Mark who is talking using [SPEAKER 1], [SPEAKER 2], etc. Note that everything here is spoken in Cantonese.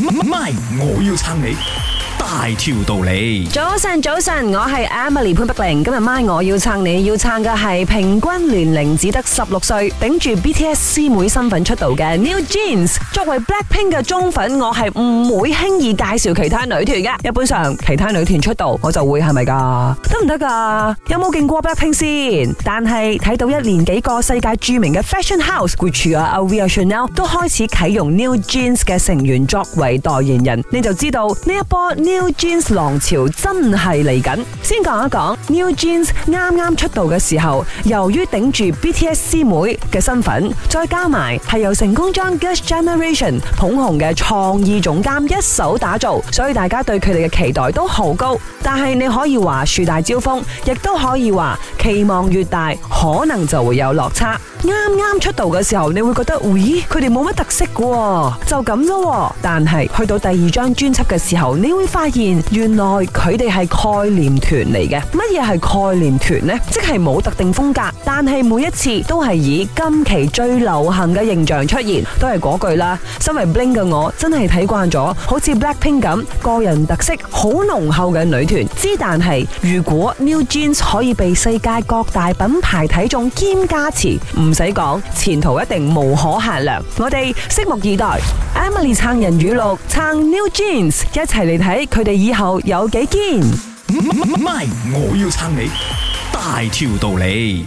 [SPEAKER 1] MY，我要撐你。M M 大條道理，早晨早晨，我係 Emily 潘碧玲。今日 MY 我要撐你，要撐嘅係平均年齡只得十六歲，頂住 BTS 師妹身份出道嘅 New Jeans。作為 Blackpink 嘅忠粉，我係唔會輕易介紹其他女團嘅。基本上其他女團出道，我就會係咪噶？得唔得噶？有冇見過 Blackpink 先？但係睇到一年幾個世界著名嘅 Fashion House、Gucci 啊、Chanel 都開始啟用 New Jeans 嘅成員作為代言人，你就知道呢一波 New Jeans 浪潮真係嚟緊，先講一講 New Jeans 啱啱出道嘅時候，由於頂住 BTS 師妹嘅身份，再加埋係由成功將 Girls' Generation 捧紅嘅創意總監一手打造，所以大家對佢哋嘅期待都好高。但係你可以話樹大招風，亦都可以話期望越大，可能就會有落差。啱啱出道嘅時候，你會覺得，咦，佢哋冇乜特色嘅、哦，就咁啫、哦。但係去到第二張專輯嘅時候，你會發現原來佢哋係概念團嚟嘅。乜嘢係概念團呢？即係冇特定風格，但係每一次都係以今期最流行嘅形象出現。都係嗰句啦，身為 BLING 嘅我真係睇慣咗，好似 BLACKPINK 咁，個人特色好濃厚嘅女團。之但係如果 NewJeans 可以被世界各大品牌睇中兼加持，唔？唔使講，前途一定無可限量。我哋拭目以待。Emily 撐人語錄，撐 NewJeans，一齊嚟睇佢哋以後有幾堅。MY，我要撐你，大條道理。